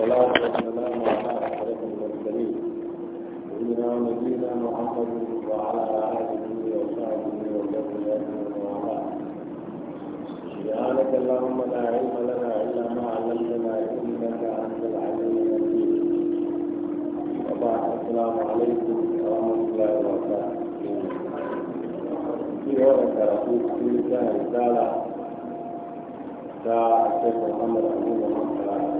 والصلاة والسلام على أشرف المرسلين سيدنا ونبينا محمد وعلى آله وصحبه وسلم وعلاه اللهم لا علم لنا إلا ما علمتنا إنك أنت العليم الحكيم وبعد السلام عليكم ورحمة الله وبركاته في هذا التراكيب في رسالة ta Sheikh Muhammad Abu Muhammad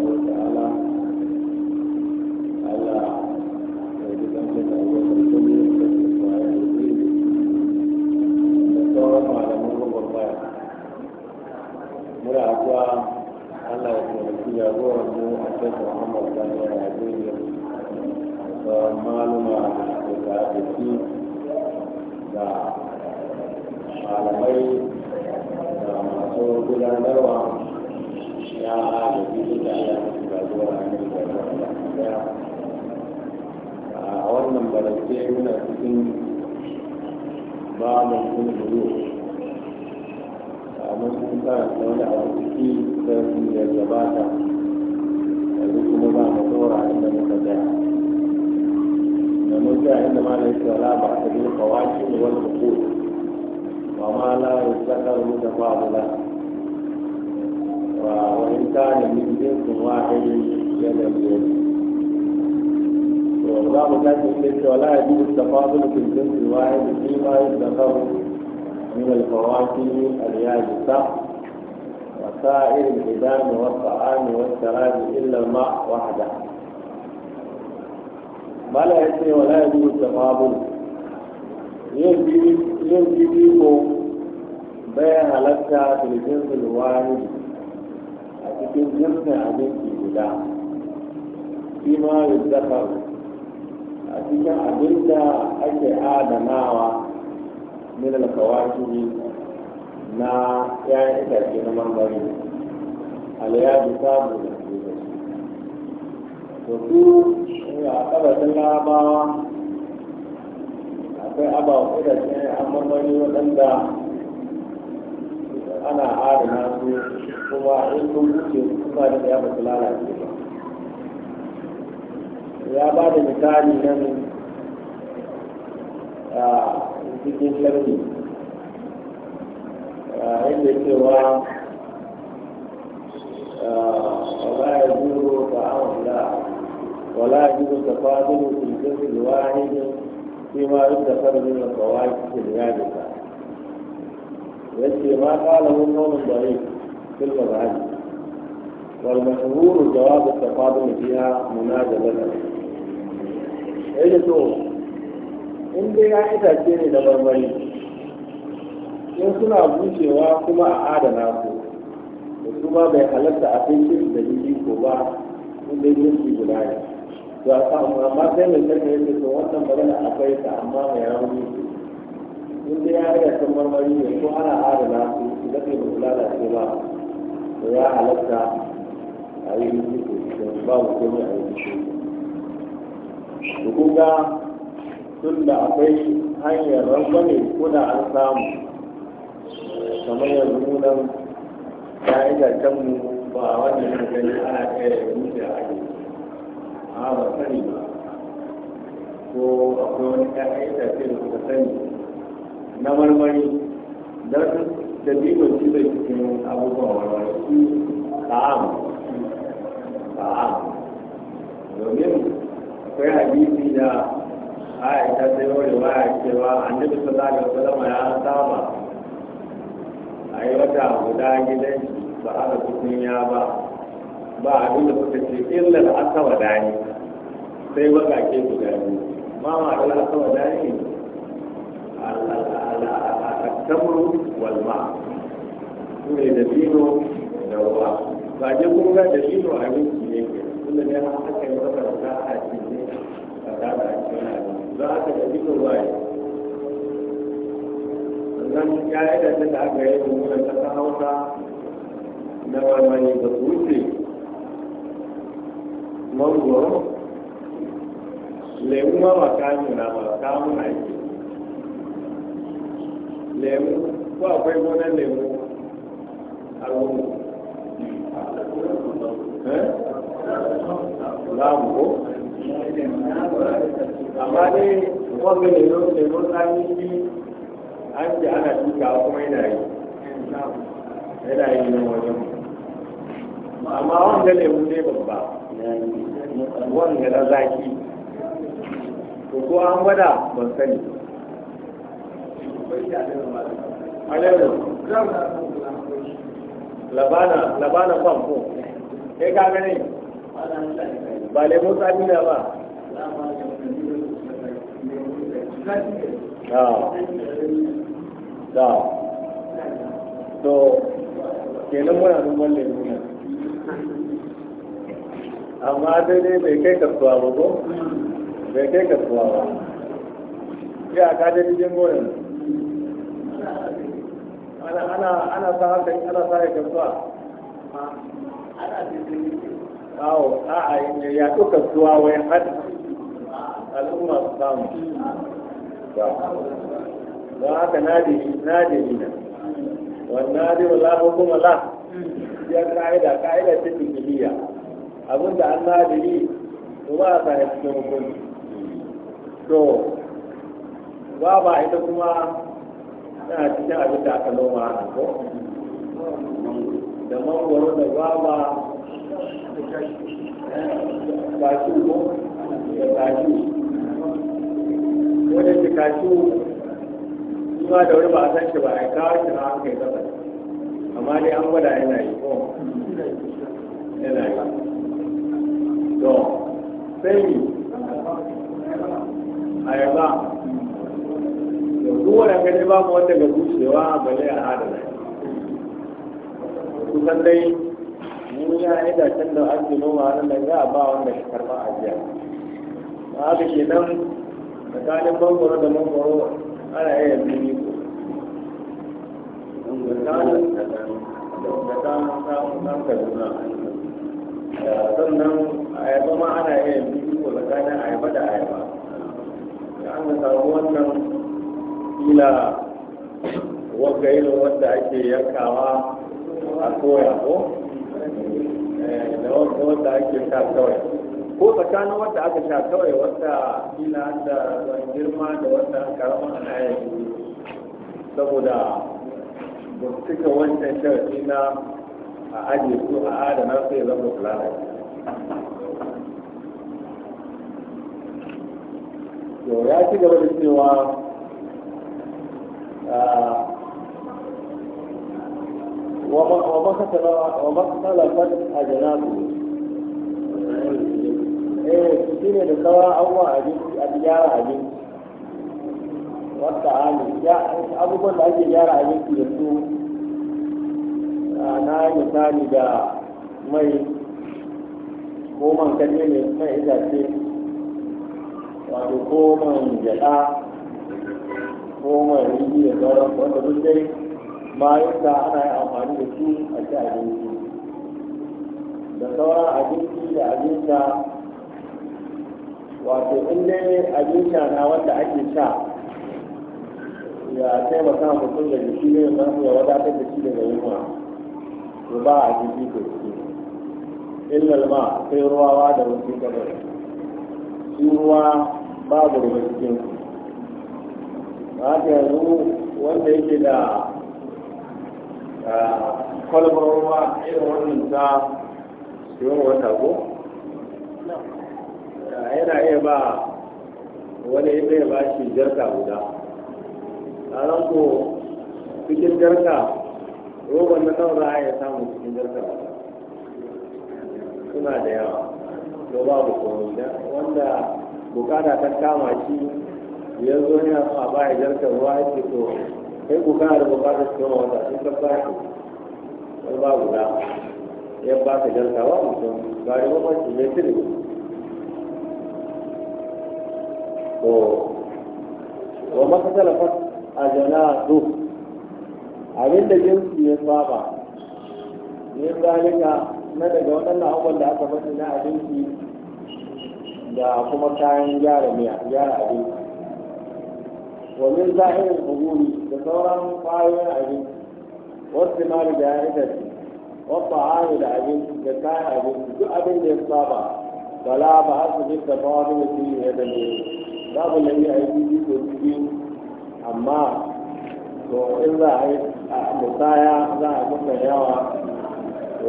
kamar sun karanta wani abu ciki sarki da gabata yanzu kuma ba mu dora inda muka tsaya da mun tsaya inda ma da yake wala ba ta bin kawaki ne wani hukun wa ma la yusakar muka fa'ula wa wa in kana min jinsin wahidin yana biyar ولا مكان يملك ولا يجوز التفاضل في الجنس الواحد فيما يذكر من الفواكه اليابسة وسائر الهدام والطعام والشراب إلا الماء وحده ما لا يسري ولا يجوز التقابل يجي بيكم بين لك في الجنس الواحد لكن جنس عبيد في shi ma yuddakar a cikin abin da min al-kawaki na ƴaƴan itace na marmari al-yadu sabu da su da su to su a ƙabarin larabawa akwai abawa itace an waɗanda ana adana su kuma in sun wuce suna da ya ba su ba ya ba da misali nan cikin sarki yadda cewa ولا يجوز طعام الله ولا يجوز تفاضل في جنس واحد فيما يدخر من الفواكه اليابسه يأتي ما قاله قول ضعيف في المذهب والمشهور جواب التفاضل فيها مناجبة اجلسوا in dai ya itace ne na barbari in suna bushewa kuma a adana su da su ma bai halatta a kai shi da jiki ko ba in dai jinsi guda ne to a samu amma sai mai sarki ya ce to wannan magana akwai ta amma mai rauni in dai ya haɗa san marmari ne ko ana adana su su daɗe ba da lalace ba to ya halatta a yi musu ba komai a yi musu. Hukunga tun da akwai hanyar ne kuna an samu kamar yanzu nunan ya yi mu ba wanda ya gani ana kare rufe a ake a ba sani ba ko akwai wani ƴaƴan itace da suka sani na marmari don da bibin shi zai cikin abubuwan marmari ta'am gidan ba a da kunya ba ba abin da suka ce illar asawa dani sai ba ka bakake guda biyu ma ma da asawa dani al-tamru wal ma ne da dino da ruwa ba je kun ga da dino abinci ne ke tunda ne haka ne wata da ta a cikin a ta a cikin za a ka da dino ba zan ya yi da da aka yi mummunan kasa hausa na marmari da su wuce mangoro lemu ma ba ka nuna ba ka muna yi, lemu ko akwai gonar lemu a rungu eh? babu ko amma dai wanda lemu lemu tsani an ji ana a kuma yana yi yana yi na wajen amma wanda lemu ne babba wanda na zaki to ko an gwada ban sani alayyar labana labana famfo ya ga gane ba lemo tsari na ba Ah. da to kenan muna noman lemu nan amma daidai bai kai kasuwa ba ko bai kai kasuwa ba ya ka je cikin goyon ana ana sa haka ana sa haka kasuwa ana awo a a ya to kasuwa wai har al'umma su samu don haka nadiri nadiri na wannan adiru la hukuma la ya ka'ida ka'ida ta abin da an ni to ba a sa ya cikin hukunci to ba ba ita kuma tana cikin abin da aka noma a ko da mangoro da gwaba kashu ko da kashu ko da kashu उसका जो भाषा शिवाय का नाम कहता था हमारे यहाँ पर आए नहीं तो सही आएगा तो दू और अगर सेवा बहुत लघु सेवा भले आहार है सुगंध ही मुझे आए दर्शन द्वार दिनों वार लगे अबा और विश्वकर्मा आ गया आप एकदम बता दे बहुत बड़ा दमन अरे अभी da samun samun ɗan kaduna sannan ayaba ma ana iya yin biyu wa tsakanin ayaba da ayaba da an ga samu wannan kila wanda irin wanda ake yankawa a soya ko da wanda wanda ake sha kawai ko tsakanin wanda aka sha kawai wanda kila da girma da wanda karama ana yin saboda da suka wancan sharafi na a ajiye su a adana su ya zama fulana to ya ci gaba da cewa وما a janatu eh shi ne da abuwa a abinci a gyara abinci wata hali abubuwan da ake gyara abinci da su misali da mai ko man kanye ne mai itace wato ko man gyaɗa ko man rigi da sauran wanda duk dai da ana yi amfani da su a ci abinci da sauran abinci da abinci wato in dai abinci na wanda ake sha ya taimaka mutum da jiki ne masu ya wadatar da shi daga yunwa to ba a jiki ko ciki illal ma sai ruwa wa da wasu kadar shi ruwa babu ruwa cikin su ba ta yanzu wanda yake da ah, kwalbar ruwa irin wannan ta shiwon wata ko ah, yana iya ba wani ita ya ba shi jarka guda a ranko cikin jarka roban na nawa za a yi samun cikin ba suna da yawa to babu komai da wanda bukata ta kama shi ya zo ne a baya jarkar ruwa ya ce to kai bukata da bukata su kama wata sun ka ba shi wani babu da ya ba ka jarka ba mutum ba ya mafarki mai cire to wa makasala fa a jana duk abin da jinsu ya saba ne zalika na daga waɗannan abubuwan da aka faɗi na abinci da kuma kayan gyara miya gyara abinci wajen zahirin huguri da sauran ƙwayoyin abinci wasu mari da ya itace wasu hanyar da abinci da kayan abinci duk abin da ya saba bala ba a su bisa ba wani mutum ya da ne babu lalle a yi biyu ko biyu amma to in za a yi a musaya za a kusa yawa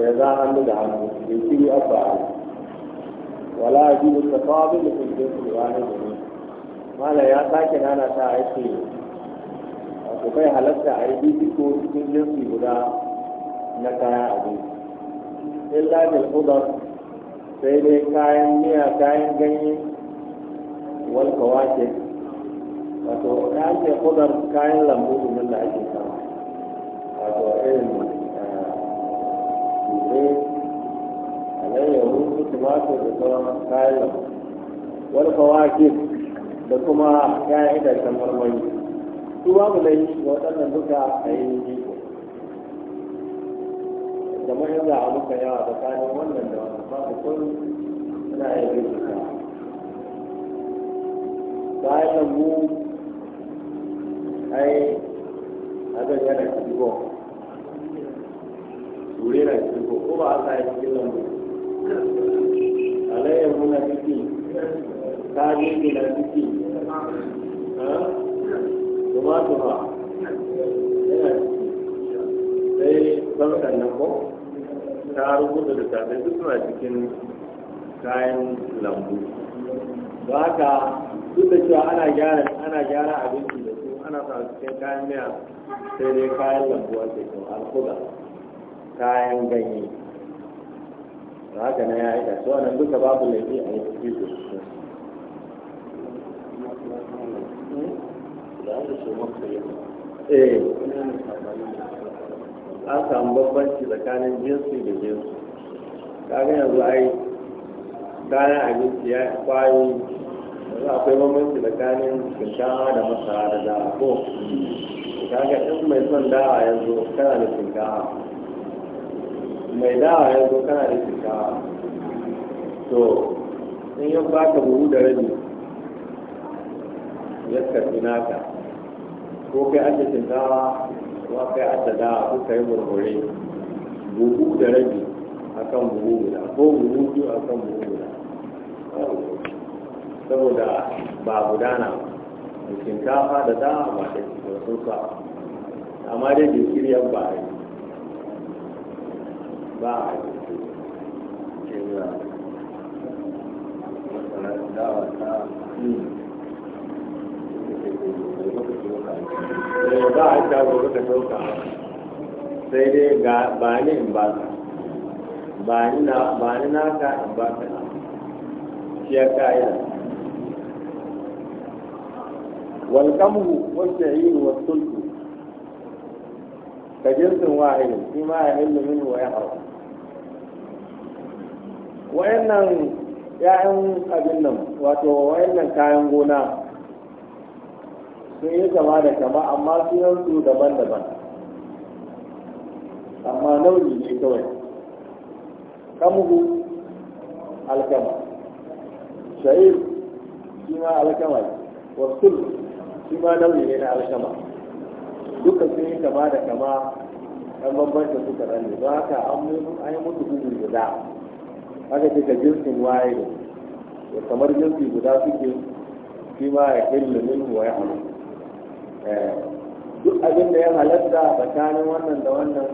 ya za hannu da hannu da shi a fa'a wala ji da tafabi da kundin su da ne mala ya sake nana ta aiki wato kai halatta a yi ko cikin jinsi guda na kaya a abinci In da kudar sai dai kayan miya kayan ganye wal kawakir wato ya ce kudar kayan lambu domin da ake samu wato irin dube da sauran kayan wani fawakif da kuma kayan itacen marmari su babu laifi ga waɗannan duka a yi jiko kamar yanzu a muka yawa kayan wannan da wannan babu kun suna yin jiko bayan mu ai abin yana cikin yana ciki ko ko ba a sa ya cikin lambu alayyahu na ciki kabeji na ciki tumatu ba yana ciki sai bankan nan ko ta rubuta da tafi duk suna cikin kayan lambu ba ka duk da cewa ana gyara ana gyara abinci da su ana sa cikin kayan miya sai dai kayan lambu a cikin alkuda kayan ganye ba haka na ya aika su nan duka babu laifi a yi fi da su eh an samu ci tsakanin jinsi da jinsi kaga yanzu ai kayan abinci ya kwayo yanzu akwai bambanci tsakanin shinkafa da masara da dawa ko kaga in mai son dawa yanzu kana da shinkafa mai dawa ya zo kana da shinkawa to in ba baka buhu da rabi ya karfi naka ko kai ake shinkawa ko kai ake dawa ko kai murmure buhu da rabi akan buhu guda ko buhu biyu akan buhu guda saboda ba gudana da shinkafa da dawa ba da sun sa amma dai jinkiri yan ba ba a cewa masarar dawa ta eh, ba a ta gobe ka dauka sai dai ga ba ni in ba ka ba ni na ba ni na ka in ba ka shi ya kaya wal kamhu wal sha'ir wal sulhu ka jinsin wahidin shi ma ya hillu minhu wa ya haram wayannan ya'yan abin nan wato wayannan kayan gona sun yi kama da kama amma sunan su daban-daban amma nauyi ne kawai kamuhu alkama sha'ir shi ma alkama wasul shi ma nauyi ne na alkama duka sun yi kama da kama ɗan bambanta suka ne ba haka an yi mutu gudu guda haka ce ka jinsin waye da kamar jinsi guda suke shi ma ya kai minhu wa ya halu eh, duk abin da ya halatta tsakanin wannan da wannan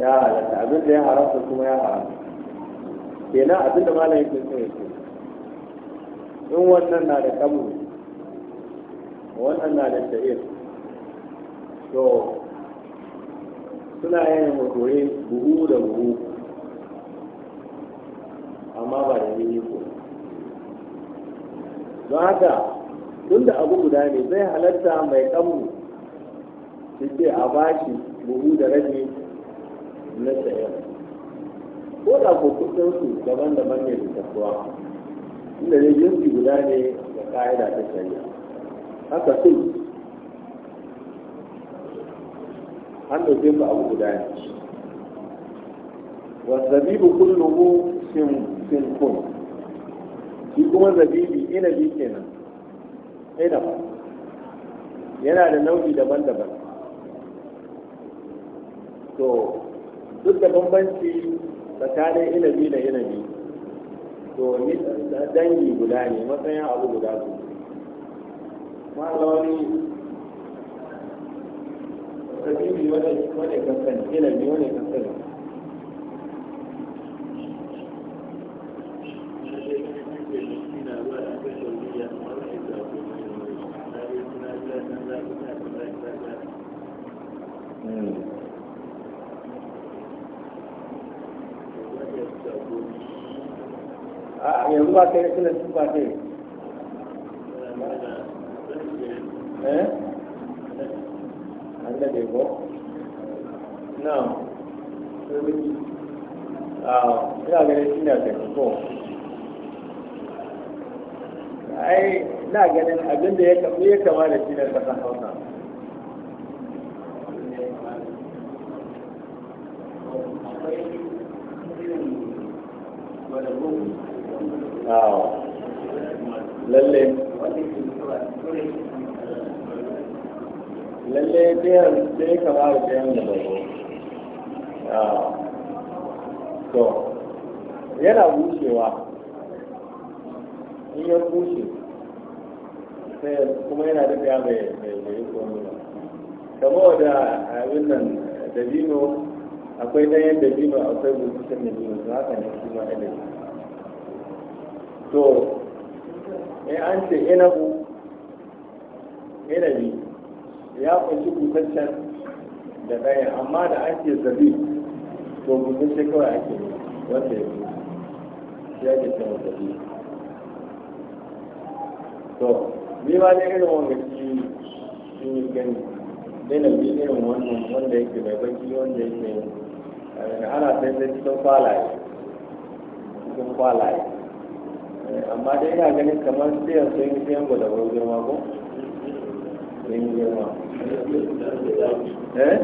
ya halatta abin da ya haramta kuma ya haramta kenan abin da malam yake so ya ce in wannan na da kamu wannan na da sha'ir to suna yin hukuri buhu da buhu amma ba da nini ko don haka tun da abu guda ne zai halatta mai ɗanmu su ce a bashi buhu da rabi na sayar ko da ko kudin su daban-daban ne da kasuwa inda ne jinsi guda ne da ka'ida ta shari'a haka sun an ɗauke su abu guda ne wasabibu kulluhu shin sirkun shi kuma zabibi inabi kenan inab yana da nau'i daban-daban to duk da bambanci tsakanin inabi da inabi to ni dangi guda ne matsayin abu guda su malawani zabibi wani kankan kasan inabi wani kasan பாட்டு excellence பாட்டு ina ganin taimako ai ganin abinda ya kama ya kama da shi ne kasan hausa Thank you. lalle lalle biyan sai kama da biyan da baro to yana bushewa in ya bushe sai kuma yana da biya mai bai komi ba kama da abin nan dabino akwai ɗayan dabino akwai busashen dabino su haka ne kuma ɗaya to in an ce inabu inabi ya kunshi busasshen da ɗaya amma da an ce zabi to sai kawai ake wanda ya fi ya ke cewa zabi to ni ba ne irin wanda ki sun yi gani inabi irin wannan wanda yake mai baki wanda yake eh, ana sai sai cikin kwalaye cikin kwalaye Eh, amma dai ina ganin kamar siyan sai yi siyan gwada wani girma ko Sai yi girma eh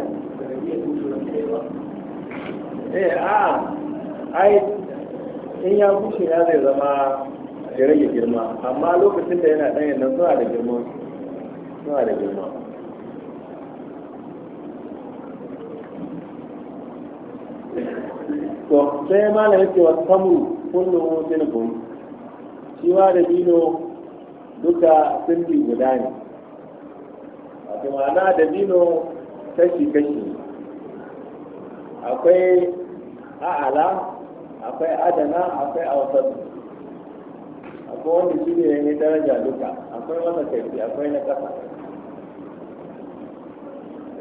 eh a ai in ya kushe ya zai zama ya rage girma amma lokacin da yana ɗanyen nan suna da girma suna da girma to sai malamin cewa samu kullum sinifin kiwa da dino duka sirri guda ne wato ma'ana da dino kashi-kashi akwai a'ala akwai adana akwai awasatu akwai wanda shi ne ne daraja duka akwai wanda kai akwai na kasa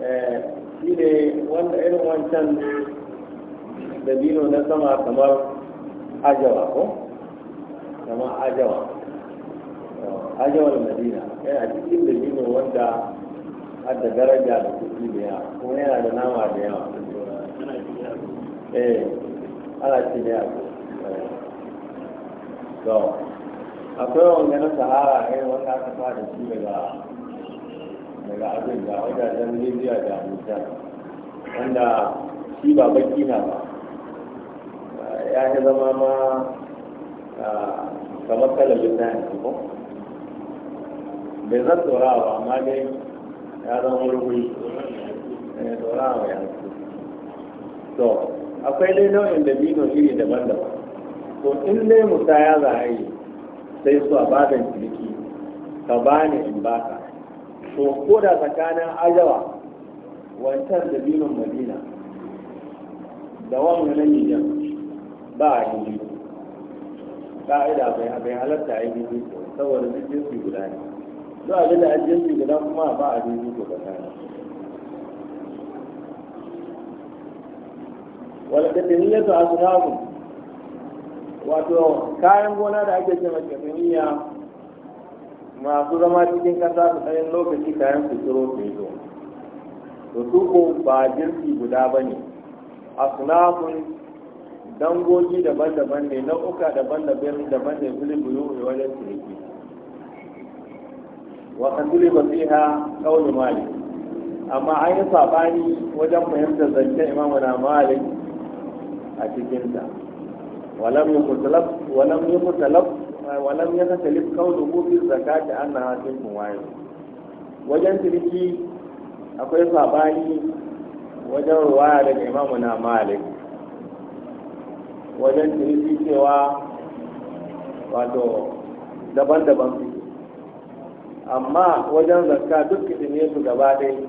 eh, shi ne wanda irin wancan dabino na sama kamar ajawa ko kama ajawa ajawar madina yana cikin da nino wanda har da daraja da kuɗi da yawa kuma yana da nama da yawa eh ana ci da to akwai wanga na sahara ne wanda aka fara shi daga daga abin da wajajen libya da abuja wanda shi ba baki na ba ya zama ma ah, kamar talabin na yanzu ko bai zan tsorawa amma dai ya zan wurwuri ne eh, tsorawa ya to akwai dai nau'in da bino iri daban-daban to in dai musaya za a yi sai su a babin ciniki ka bani in baka to ko da tsakanin ajawa wancan da binin madina da wannan na ba a yi ka'ida bai bai halatta a yi ko saboda duk jinsi guda ne duk abin da an jinsi guda kuma ba a yi ko ba ta wal kataniyatu ashabu wato kayan gona da ake cewa kataniya masu zama cikin kasa su tsayin lokaci kayan su tsoro su yi to su ko ba jirgi guda ba ne asnafun dangogi daban-daban ne nau'uka daban-daban daban ne buyu buluwi wajen ciniki wasan zuli ba su ha kauli malik amma an yi sabani wajen fahimtar zance imamu na malik a cikinta walam yi mutalab walam yi mutalab walam yi mutalab kauli hufi an na hasin kuwaye wajen ciniki akwai sabani wajen ruwaya daga imamu na malik wajen ciniki cewa wato daban-daban su amma wajen zakka duk kitinye su gaba dai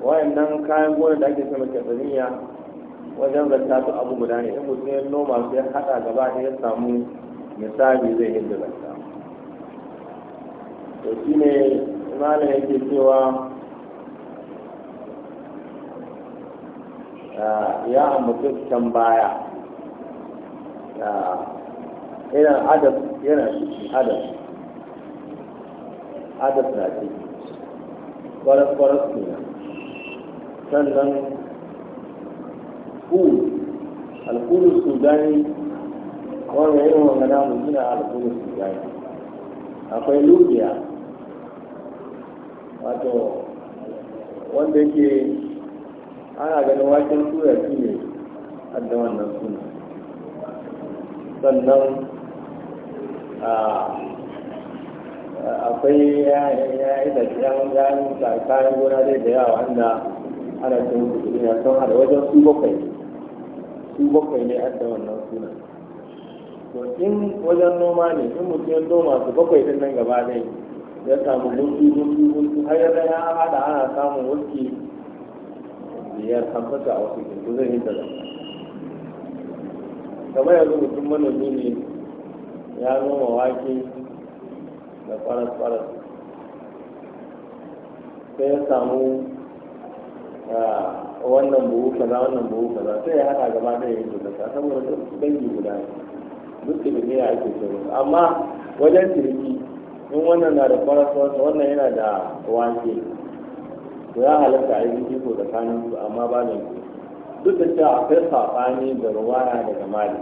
wayannan kayan gona da ake sama kefaniya wajen zakka su abu guda ne in mutum ya noma su ya haɗa gaba ɗaya ya samu misali zai yi da zakka to shi ne malam yake cewa ah, ya ambaci can baya yana adab yana ciki adab adab na ciki kwaras-kwaras kenan sannan kul alkulu sudani wanda yin wanga namu suna alkulu sudani akwai lubiya wato wanda yake ana ganin waken tura shi ne hadda wannan suna sannan akwai ya ita gani da kayan gona zai da yawa wanda ana cin kudi na sun hada wajen su bakwai su bakwai ne a da wannan suna to in wajen noma ne in mutum noma su bakwai din nan gaba ne ya samu gunki gunki gunki har ya hada ana samun wuski biyar hamsin a wasu gunki zai yi da zama kamar yanzu mutum manomi ne ya noma wake da faras-faras sai ya samu wannan buhu kaza wannan buhu kaza sai ya haɗa gaba da yin yi ta saboda dangi guda ne duk da ne ya ake ce amma wajen ciniki in wannan na da faras-faras wannan yana da wake to ya halatta a yi ko kanin su amma ba ne duk da cewa akwai saɓani da ruwana daga mali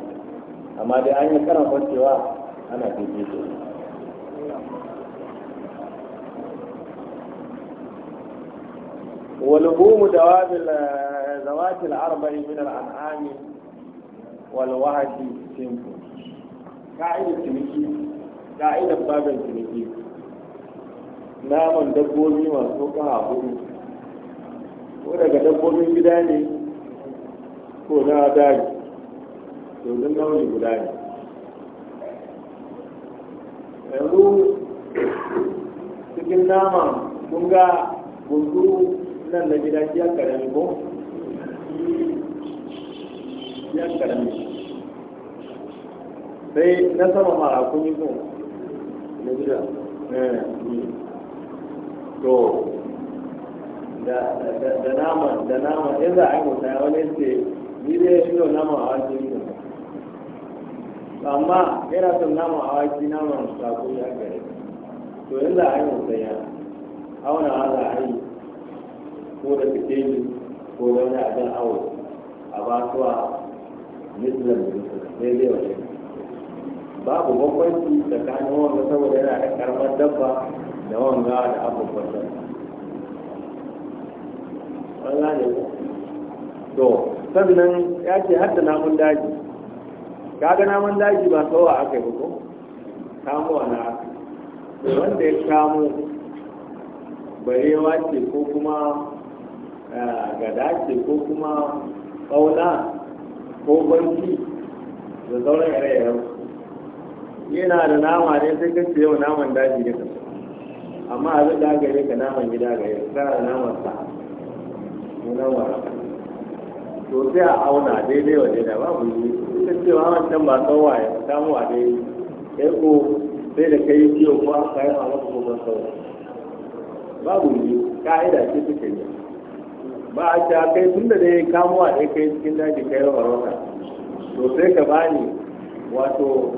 amma dai an yi karan kwancewa ana fifito ولهوم دواب ذوات الأربع من الأنعام والوحش سنف قاعدة تنكي قاعدة باب تنكي نام دبوني masu kaha hudu دبوني daga ko na dari domin nauyi guda ne yanzu cikin nama kun ga gundu nan na gida shi ya karami ko ya karami sai na sama mara kun yi ko na gida eh, to da naman da naman in a yi mutane wani ce. ni ne ya fi yau nama a wake ne amma yana son nama a wake nama a sako ya gare to yanzu a yi musaya auna za a yi ko da fite ne ko da wani abin awo a ba su a muslim ne zai wajen babu bambanci tsakanin wanda saboda yana da karamar dabba da wanga da abubuwan dabba. Allah ne to sannan ya ce hadda namun daji kaga namun daji ba a aka yi ko kamo na aka wanda ya kamo barewa ce ko kuma eh, gada ce ko kuma ƙauna ko banki da sauran ire-iren yana da nama ne sai kace yau naman daji ne ka amma a zai dagare ka naman gida ga yau kana da naman sa mu naman raka to sai a auna daidai wa daidai babu yi ita cewa wancan ba tsawa ya samu a daidai ko sai da kai ciwo ko kayan a wasu kuma ba babu yi ka'ida ce suke yi ba a ta kai tun da dai kamuwa dai kai cikin daji kai rawa to sai ka bani wato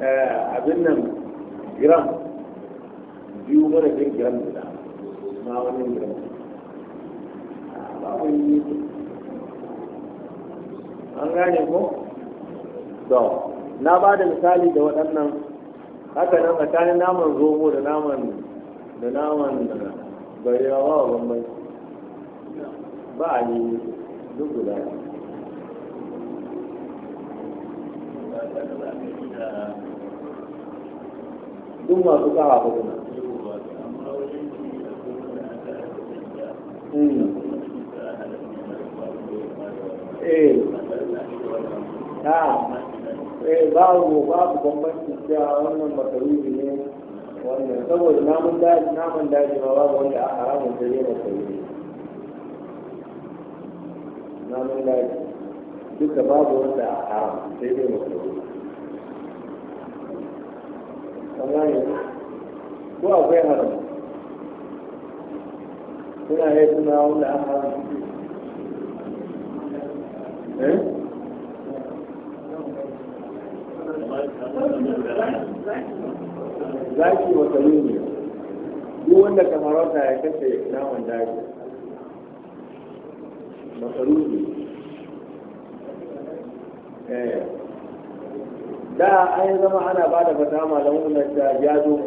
eh, abin nan gram biyu bin gram guda ma wani gram yi an gane ko to na ba da misali da waɗannan haka nan tsakanin naman zomo da naman da naman wa bambai ba a yi duk guda duk masu kawa ba kuma hmm. eh na'am eh babu babu bambanci cewa wannan makaruni ne wannan saboda namun daji namun daji ba babu wanda a haramun da zai makaruni namun daji duka babu wanda a haram sai dai makaruni kamar ko akwai haram suna yi suna wanda a haram eh zaki wata ne duk wanda kamarauta ya kashe naman daji makaru eh. da an yi zama ana ba da fata malamun na ta yado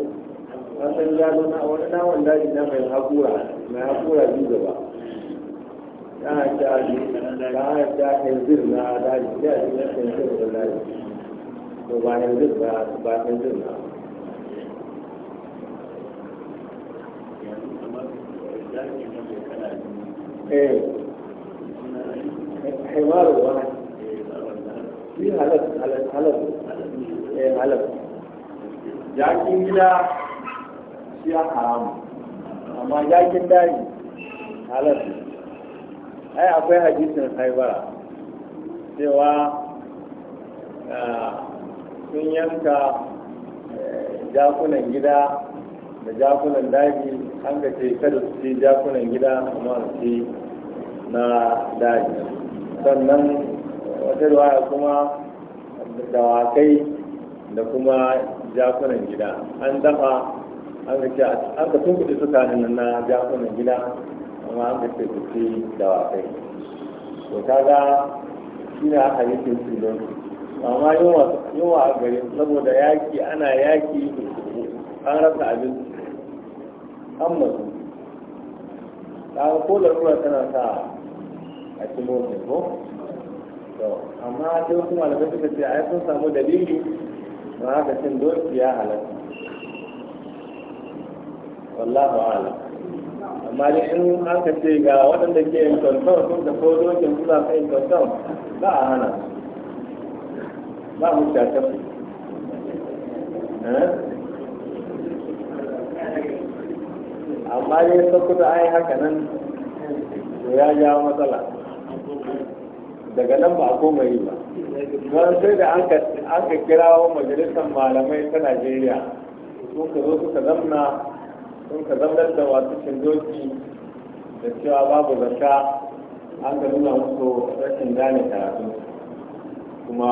an yado na wani naman daji na mai hakura mai hakura biyu gaba ta ta ta ta ta ta ta ta ta ta ta ta ta tó bá ní ojú ìgbà tó bá ní ojú ìgbà. حوار واحد في علب علب علب علب jakin gida shi ya haramu amma jakin daji halatta ai akwai hadisin haibara cewa sun yanka eh, jakunan gida da jakunan daji an ga ce kada su ce jakunan gida amma su ce na daji sannan eh, wata ruwaya kuma dawakai da kuma jakunan gida an dafa an ga ce an ka tun kuɗi suka na jakunan gida amma an ga ce su ci dawakai to kaga shi ne aka yi su don amma yunwa a gari saboda yaki ana yaki an rasa abinci an mazu kaga ko larura tana sa a ci ne ko amma sai kuma malamai suka ce ai sun samu dalili ma haka cin doki ya halatta wallahu ala amma dai in haka ce ga waɗanda ke yin kwanton sun da ko dokin suna kai kwanton ba a hana su ba mu shata ku eh? amma dai da ai haka nan ya matsala daga nan ba a mai yi ba don sai da an ka kirawo majalisar malamai ta najeriya sun ka zo suka zamna sun ka zamnar da wasu doki da cewa babu zaka an ka nuna musu rashin gane karatu kuma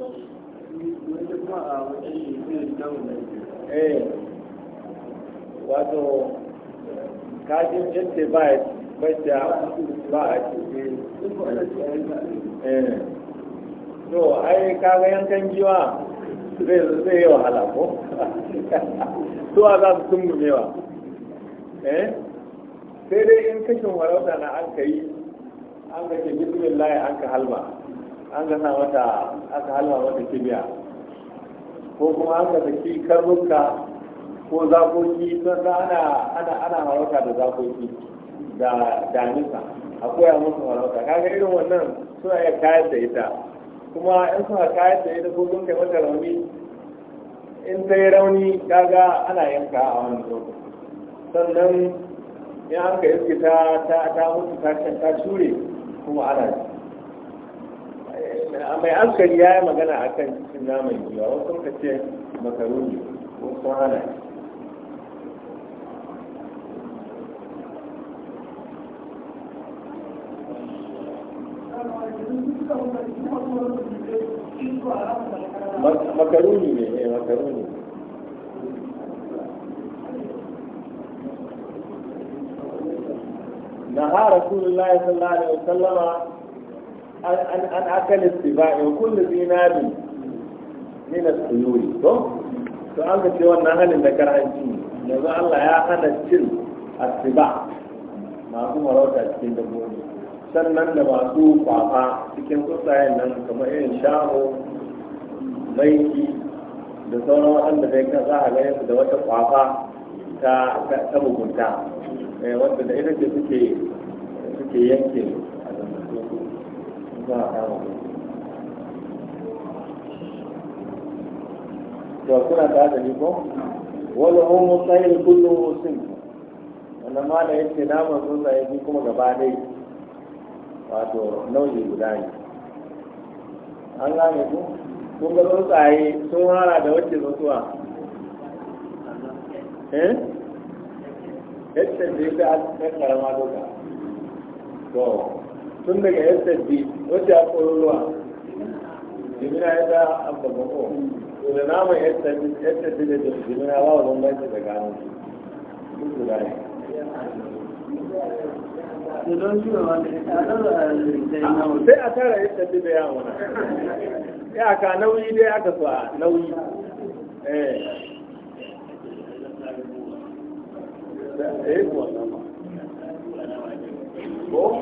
eh wato kajin jinta ba ya bada ba a cikin eh to ai kaga yankan giwa zai zai yi wahala ko to a za su tumbumewa eh sai dai in kashin warauta na an ka yi an ka ce bismillah an ka halba an ka sa mata aka halba mata kibiya ko kuma haka da ke karnuka ko zakoki sun ana ana ana da zakoki da damisa a koya musu harauta kaga irin wannan suna iya kayar da ita kuma in suna kayar da ita ko kuma mata rauni in ta yi rauni kaga ana yanka a wani sannan in an ka iske ta ta mutu ta shure kuma ana mai hankali ya yi magana a kan cikin naman jiwa wasu ka ce makaroni ko hana makaroni ne ne eh, makaroni na رسول an akali siba'i kullu zinari min as-suyuri to to an gace wannan halin da karanci yanzu Allah ya hana cin asiba masu marauta cikin dabbobi sannan da masu kwafa cikin tsuntsayen nan kamar irin shaho maiki da sauran waɗanda zai kan za a da wata kwafa ta mugunta eh, wadda da ita ce suke yanke za a kama da kuna ta da ko wani homo tsayin kullum musin wanda ma da yake naman tsuntsaye bi kuma gaba dai wato nau'i guda ne an gane ku kun ga tsuntsaye sun hara da wacce mutuwa eh yadda da ya ta karama duka to tun daga yadda bi wacce a ƙoruwa jimina ya ta abba mako to da naman yadda bi da jimina ba wa bambanci da gano su su da ne sai a tara yadda bi da yawon ya ka nauyi dai aka so a nauyi eh da eh ko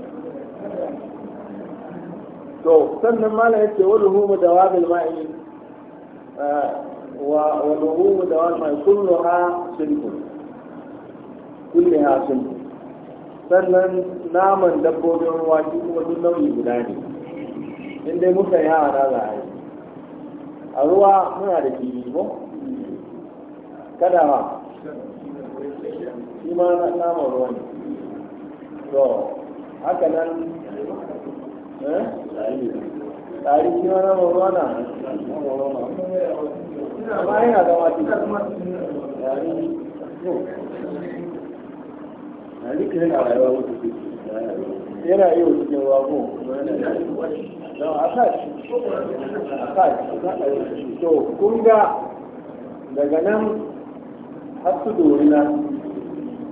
to sannan mala ya ce wani humu da eh, wa bil ma'i wa wani humu da wa mai kullu ha shirku kulli ha shirku sannan naman dabbobin ruwa shi kuma duk nau'i guda ne in dai muka yi hawa na za'a yi a ruwa muna da kifi ko kada ma shi ma na naman ruwa ne to haka nan eh? tsari shi ma na amma yana zama cikin yana iya cikin ruwa ko a kashi a kashi to kun ga daga nan har su dori na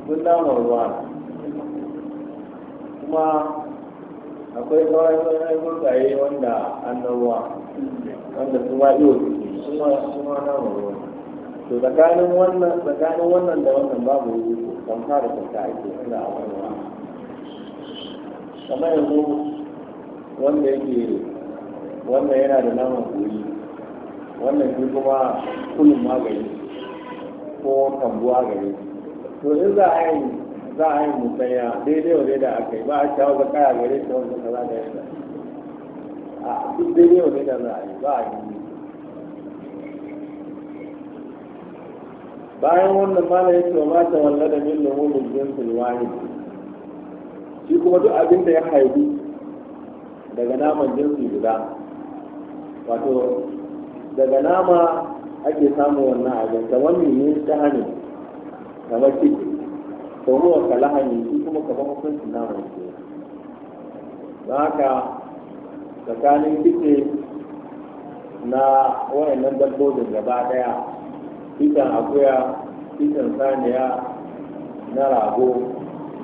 sun dama ruwa kuma akwai sauran ayyukan tsaye wanda annabuwa wanda su ma iyo su ma su ma na wuri to tsakanin wannan tsakanin wannan da wannan babu ruwa kan fara kanta ake suna a wannan kamar yanzu wanda yake wannan yana da naman koyi wannan shi kuma kulun magani ko kambuwa gari to in za a yi za a yi musanya daidai wa daidai a kai ba a shawo ga kaya gare ta wanda kaza da yadda a duk daidai wa daidai za a yi ba a yi bayan wannan mana ya ce wa mata da min lumulul jinsil wani shi kuma duk abin da ya haihu daga naman jinsin guda wato daga nama ake samun wannan abin wani ne ta hannu kamar ciki ka ruwa ka lahani su kuma ka ba hukunci na mai ke don haka tsakanin kitse na wayannan dabbobin gaba daya kitan akuya kitan saniya na rago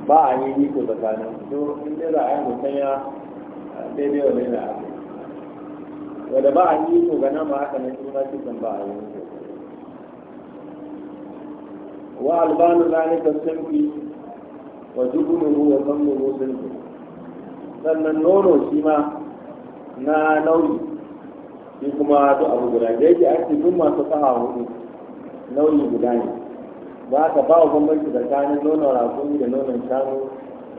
ba a yi ko tsakanin su in dai za a yi musanya daidai wa na a wadda ba a yi ko ga nama haka na shi ma kitan ba a yi وألبان ذلك السمك وجبنه وفمه سمك sannan nono shi ma na nauyi shi kuma duk abu guda da yake ake duk masu hudu nauyi guda ne ba ka ba wa bambanci tsakanin nonon da nonon shanu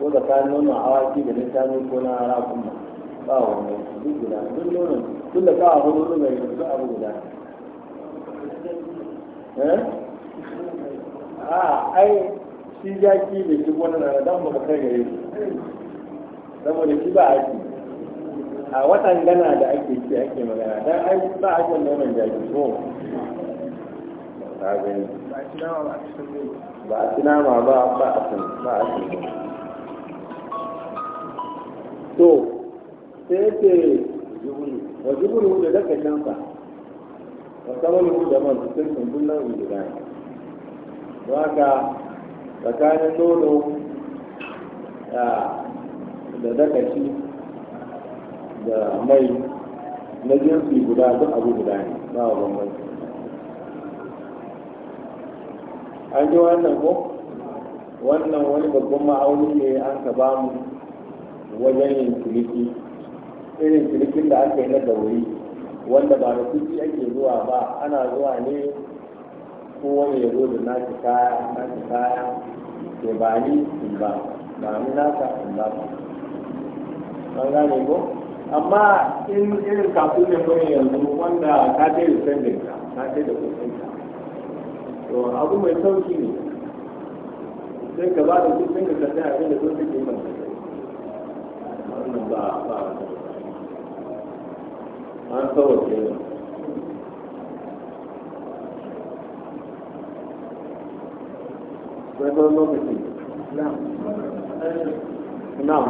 ko tsakanin nonon awaki da na shanu ko na rakumi ba wa bambanci duk guda duk nonon da hudu yanzu abu guda a ai shi zaki da shi wani na dan mu kai gare shi saboda shi ba aiki a watan gana da ake ci ake magana dan ai ba a kan nonon jaki ko ba a ci ma ba ba a san ba a san to sai yake wa jibulu da daga shansa wani samanu da man sun sun dunnan gudu ne don haka tsakanin nono da dakashi da mai na jinsi guda duk abu guda ne ba wa bambanci an ji wannan ko wannan wani babban ma'auni ne an ka ba mu wajen yin ciniki irin cinikin da aka yi na dauri wanda ba da kuki ake zuwa ba ana zuwa ne kowane ya zo da nashi kaya nashi kaya ke ba ni in ba ba ni naka in ba ba an gane ko amma in irin kafin ne kuma yanzu wanda ka ce da sendin ka ka ce da kusin ka to abu mai sauki ne sai ka ba da kusin ka ka sai abin da sun ke ba ba ba an ne sauran lokaci na'am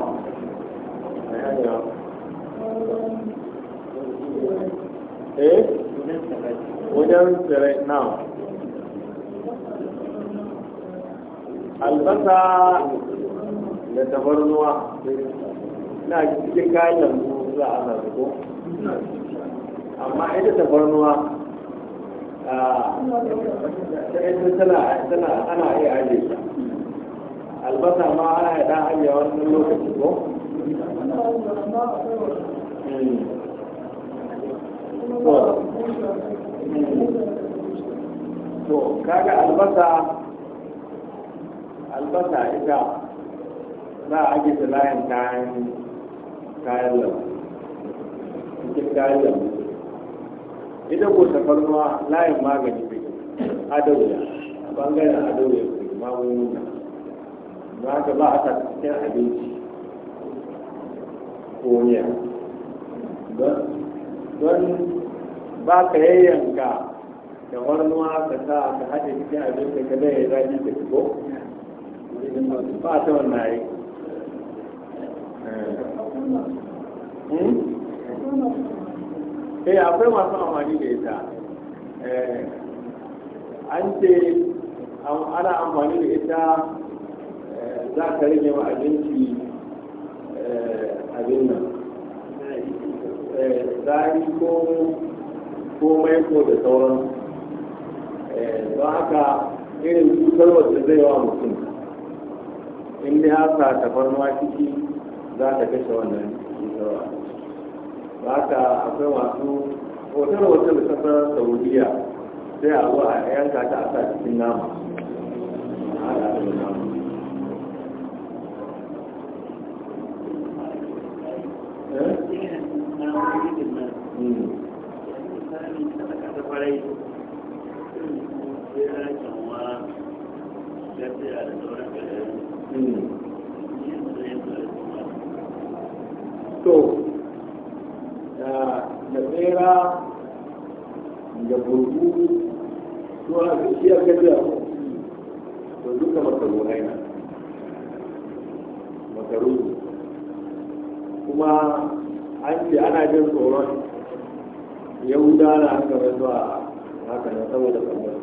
eh wajen albasa da tabarnuwa na cikin kayan lambu za a zaɓi amma ita tabarnuwa ta tana tana ana iya aje ta albasa ma ana iya dan aje wani lokaci ko to kaga albasa albasa ita za a aje ta layin kayan kayan lambu cikin kayan lambu ita ko tafarnuwa layin magani ne adauya a bangaren adauya ne magunguna na ka ba a cikin abinci ko miya don ba ka yayyanka tafarnuwa ka sa ka haɗe cikin abinci ka zai ya ka shigo ba ta wannan yi eh akwai masu amfani da ita eh, an ce ana amfani da ita eh, za ka rage ma abinci eh, abin nan zari ko ko da sauran don haka irin cutarwar da zai wa mutum in ya sa tafarnuwa ciki za ta kashe wannan cutarwa ba haka akwai wasu hotel-hotel kasar saudiya sai a zuwa a yanka ta a sa cikin nama a haɗa da nama wannan tsoron yahuda na haka bai zuwa haka na saboda tsammani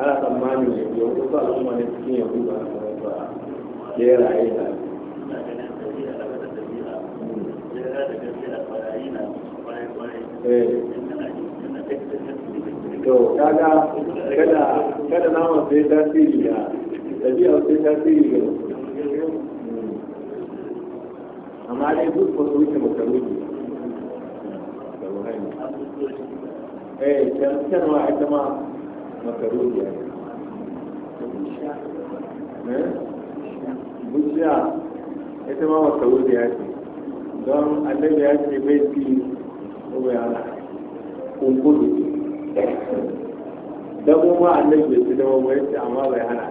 ana tsammani ne su al'umma ne cikin yahuda na haka zuwa ya raye da eh. to kada kada naman sai tasiri da ɗabi'a sai tasiri amma dai duk ba su wuce makaruki da ruhani eh, ita ma makaruki ne eh? bushiya ita ma makaruki ya ce don annabi ya ce bai fi kuma kunkuru dabo ma annabi bai ci dabo ba ya ce amma bai hana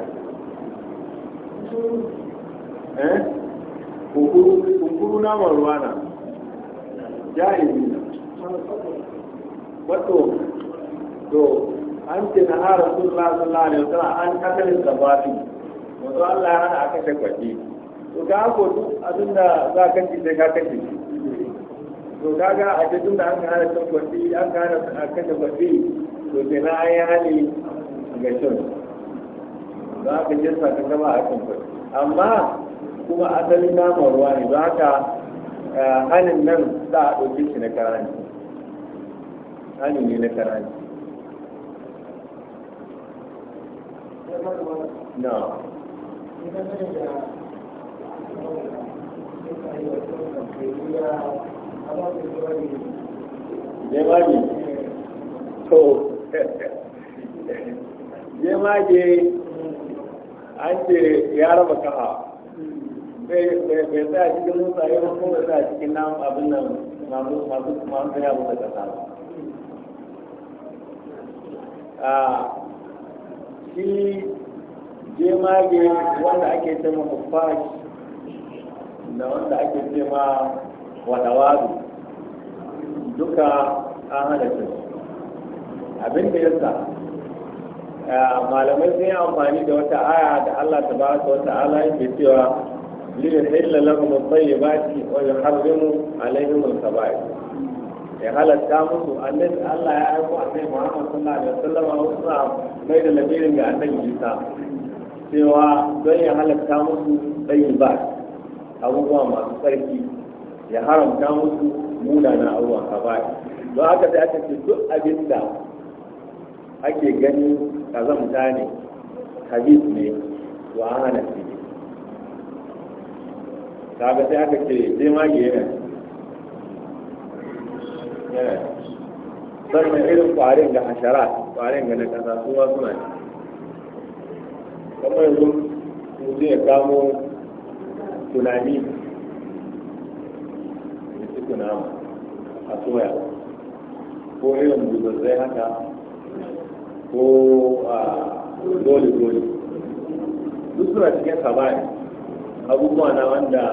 eh kunkuru na marwana jahili na wato to an ce na hara sun lasu lalai wata an kasalin zabafi wato allah ya hana a kashe kwaki to ga ko duk abin da za ka ci sai ka kashe to to ga a ce tun da an hana cin kwaki an hana a kashe kwaki to sai na ayi yi hali ga shi za ka jesa ka gama a kan kwaki amma kuma asali naman ruwa ne ba ka eh, hannun nan za a ɗauke shi na karani hannun ne na karani na jemage to jemage an ce ya raba kaha bai tsaya cikin mutane ba kuma tsaya cikin nan abin nan masu masu masu tsaya ba da kasa a ah, shi jemage wanda ake ce ma mufash da wanda ake ce ma wadawaru duka an hada ce. abin da yasa ah, malamai sun yi amfani da wata aya da Allah ta ba ta wata ala yake cewa ليحل لهم الطيبات ويحرم عليهم الكبائر ya halatta musu annabi Allah ya aiko annabi Muhammad sallallahu alaihi wasallam a wasu mai da labirin ga annabi Isa cewa don ya halatta musu tsayin ba abubuwa masu tsarki ya haramta musu munana abubuwa ka ba don haka sai aka ce duk abin da ake gani kazamta ne habib ne wa hana kaga sai aka ce sai magi yana yana sannan irin kwarin ga hashara kwarin ga na kasa su ma suna ne kamar yanzu mutum ya kamo tunani da su tunama a soya ko irin buzazzai haka ko a dole dole duk suna cikin sabari abubuwa na wanda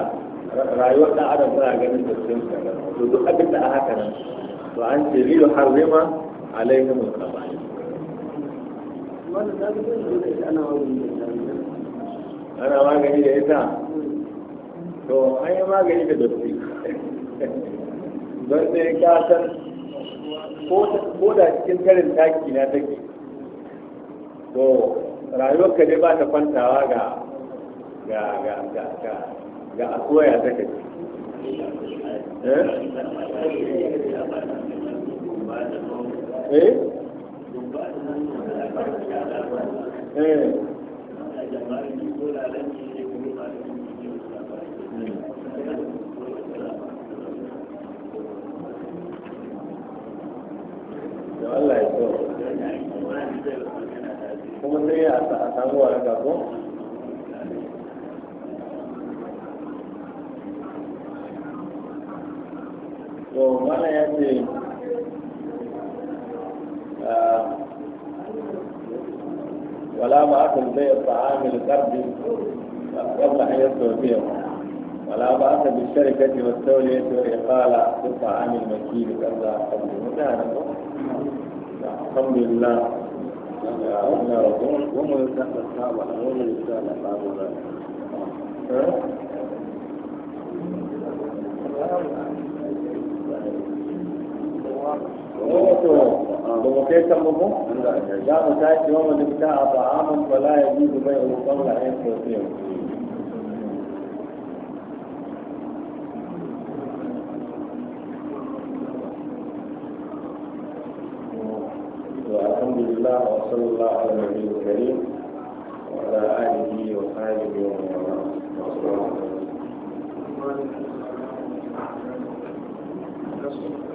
rayuwar ɗan adam tana ganin da sun to duk abin da a haka nan to an ce liyu harrima alaihim al-qaba'i ana magani da ita to an yi magani da dotti don sai ka san ko da cikin karin taki na take to rayuwar ka dai ba ta kwantawa ga ga ga ga ga a soya ta ka eh eh Allah ya so kuma sai a samu wa ga ko dole ya tsore kala duk ba amin maki da kaza kan da mutane ba alhamdulillah ya wannan rabon goma ya tsaka saba a wani lissa na sabura وما كيف تمضوا؟ لا متأكد وما نبتاع طعاما فلا يجوز بيعه قبل أن يصيره الله وصلى الله على النبي الكريم وعلى آله وصحبه ومن والاه والسلام عليكم